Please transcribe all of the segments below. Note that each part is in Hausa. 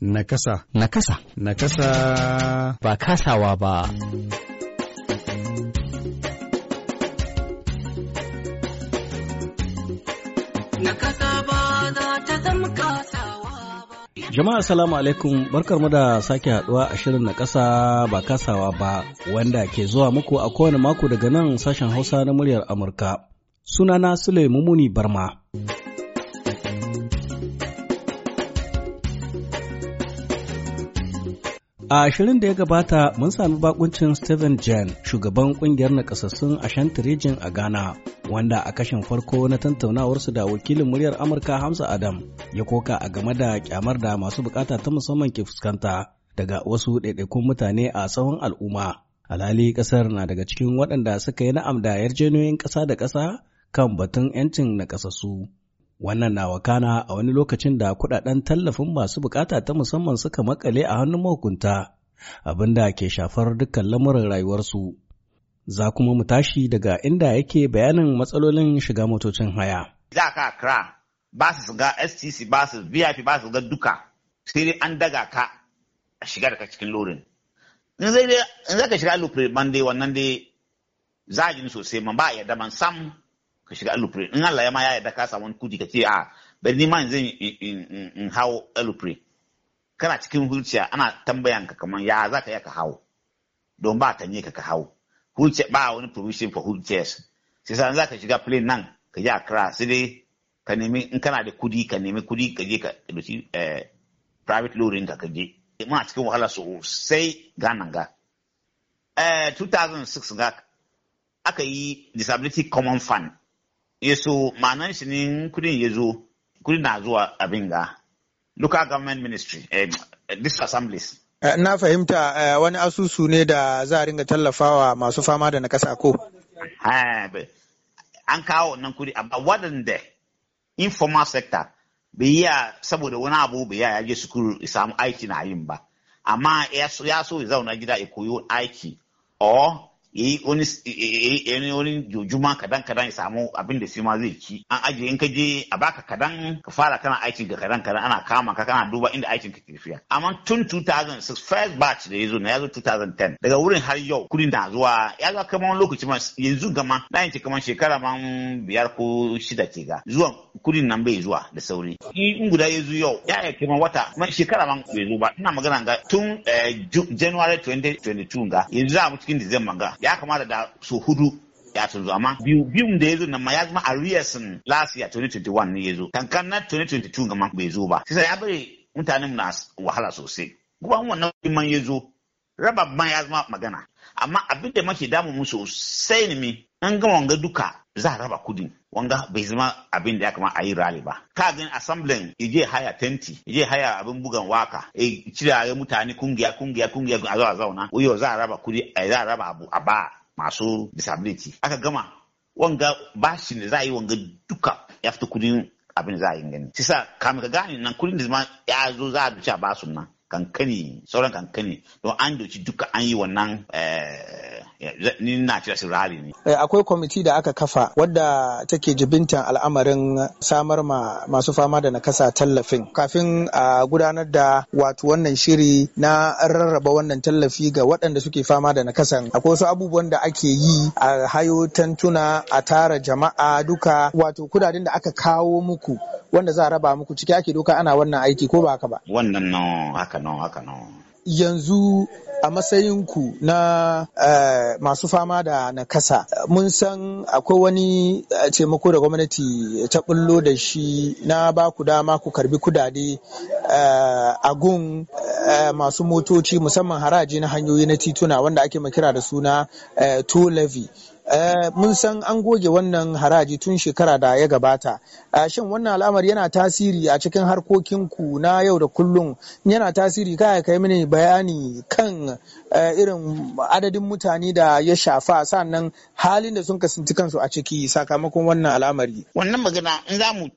Nakasa. Nakasa. Nakasa. Ba kasawa ba. Jama'a salamu alaikum barkar mu da sake haɗuwa a shirin na kasa ba kasawa ba wanda ke zuwa muku a kowane mako daga nan sashen hausa na muryar Amurka. Sunana Sule Mumuni Barma. A shirin da ya gabata mun sami bakuncin Steven Jen, shugaban kungiyar nakasassun Ashanti Region a Ghana, wanda a kashin farko na tantaunawarsu da wakilin muryar Amurka Hamza Adam ya koka a game da kyamar da masu bukata ta musamman ke fuskanta daga wasu ɗaiɗaikun mutane a tsawon al'umma. Alhali ƙasar na daga cikin waɗanda suka yi na'am da yarjejeniyoyin ƙasa da ƙasa kan batun 'yancin naƙasassu. Wannan na wakana a wani lokacin da kuɗaɗen tallafin masu bukata ta musamman suka makale a hannun mahukunta, abin da ke shafar dukkan lamurin rayuwarsu. Za kuma mu tashi daga inda yake bayanin matsalolin shiga motocin haya. Za ka kira ba su shiga STC ba su VIP ba su ga duka sai dai an daga ka a shiga daga cikin lorin. In zai in zaka shiga alupre ban dai wannan dai za a sosai man ba a yarda man sam ka shiga alupre in Allah ya ma ya yarda ka samu kudi ka ce a bari ni ma zan in hawo alupre kana cikin hulciya ana tambayan ka kaman ya za ka iya ka hawo don ba ta ne ka ka hawo hulciya ba wani provision for hulciyas sai sa za ka shiga plane nan ka je Accra sai dai ka nemi in kana da kudi ka nemi kudi ka je ka dauki eh, private loan ka ka je muna cikin wahala sosai ganan ga 2006 eh, ga aka yi disability common fund ya ma'anan shi ne kudin ya zo kudin na zuwa abin ga local government ministry dis eh, assemblies eh, na fahimta eh, wani asusu ne da za a ringa tallafawa masu fama da nakasa ko an kawo nan kudi amma waɗanda informal sector bai yi saboda wani abu bai ya je sukuru samu aiki na yin ba amma ya so ya zauna gida ya koyo aiki or? yi wani wani jujuma kadan kadan ya samu abin da sai ma zai ci an ajiye in ka je a baka kadan ka fara kana aikin ka kadan kadan ana kama ka kana duba inda aikin ka ke tafiya amma tun 2006 first batch da zo na ya zo 2010 daga wurin har yau kudi na zuwa ya zo kamar lokaci ma yanzu gama na yanci kamar shekara ma biyar ko shida ke ga zuwa kudin nan bai zuwa da sauri in guda ya zo yau ya yi kamar wata kuma shekara ma bai zo ba ina magana ga tun eh, January 2022 ga yanzu za mu cikin December ga ya kamata da su hudu ya tunzu amma biyu biyun da ya zo na ma ya zama ariasin last year 2021 ne ya zo kankan na 2022 gama bai zo ba sisa ya bari mutanen na wahala sosai kuma wannan man ya zo raba ban ya zama magana amma abin da mafi damu mu sosai ne mi an gama wanga duka za a raba kudin wanga bai zama abin da ya kama a yi rali ba ka gani assembling ije haya tenti ije haya abin bugan waka e cire mutane kungiya kungiya kungiya a zuwa zauna wuyo za a raba kudi a za a raba abu a ba masu disability aka gama wanga bashi ne za a yi wanga duka ya fita kudin abin za a yi gani sisa kamar ka gane nan kudin da ya zo za a duce a basu nan kankani sauran kankani don an doci duka an yi wannan eh, ni na cire su rari ne. Eh, akwai kwamiti da aka kafa wadda take jibintan al'amarin samar ma masu fama da nakasa tallafin kafin a gudanar da wato wannan shiri na rarraba wannan tallafi ga waɗanda suke fama da nakasan. Akwai wasu abubuwan da ake yi a hayo tantuna a tara jama'a duka wato kudaden da aka kawo muku wanda za a raba muku ciki ake doka ana wannan aiki ko ba haka ba. Wannan haka haka nan haka nan yanzu a matsayinku na uh, masu fama da nakasa mun san akwai wani eh, taimako da gwamnati ta bullo da shi na ba ku dama ku karbi kudade uh, a gun uh, masu motoci musamman haraji na hanyoyi na tituna wanda ake makira da suna to levy Eh, mun san an goge wannan haraji tun shekara da ya gabata eh, shin wannan al'amar yana tasiri a cikin harkokinku na yau da kullum yana tasiri ka ya kai mini bayani kan eh, irin adadin mutane da ya shafa sannan halin da sun kasance kansu a ciki sakamakon wannan al'amari wannan magana in za mu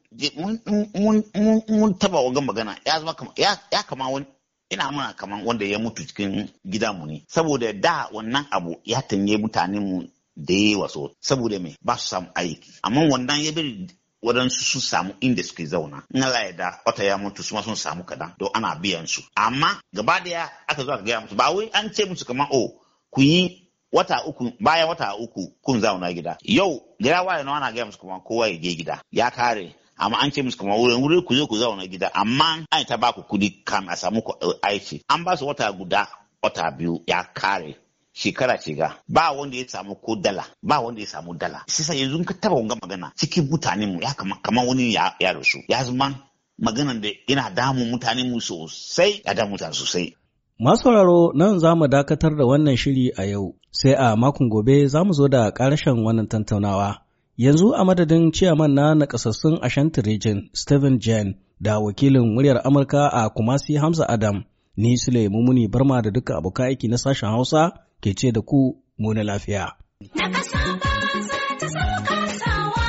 mun taba wagan magana ya zama ya kama wani ina mana kaman wanda ya mutu cikin gida mu ne saboda da wannan abu ya tanye mutanen da yawa so saboda mai ba su samu aiki amma wannan ya bari waɗansu sun samu inda suke zauna in Allah ya da wata ya mutu su sun samu kadan don ana biyan su amma gaba daya aka zo gaya musu ba wai an ce musu kamar o oh, ku yi wata uku bayan wata uku kun zauna gida yau gida waye na ana gaya musu kuma kowa ya je gida ya kare amma an ce musu kama wurin wuri ku zo ku zauna gida amma an ta ba ku kudi kam a samu aiki an ba su wata guda wata biyu ya kare shekara ga ba wanda ya samu ko dala ba wanda ya samu dala sai yanzu ka taba wanga magana cikin mutanenmu? mu ya kama kamar wani ya rasu ya zama maganan da yana damun mutanen mu sosai ya damu mutane sosai Masu sauraro nan za mu dakatar da wannan shiri a yau, sai a makon gobe za mu zo da ƙarashen wannan tantaunawa. Yanzu a madadin ciyaman na nakasassun Ashanti Region, Stephen Jen, da wakilin muryar Amurka a Kumasi Hamza Adam, ni Sule muni Barma da duka abokan aiki na sashen Hausa ke ce da ku mu na lafiya. Na kasa ba za ta sauka sawa.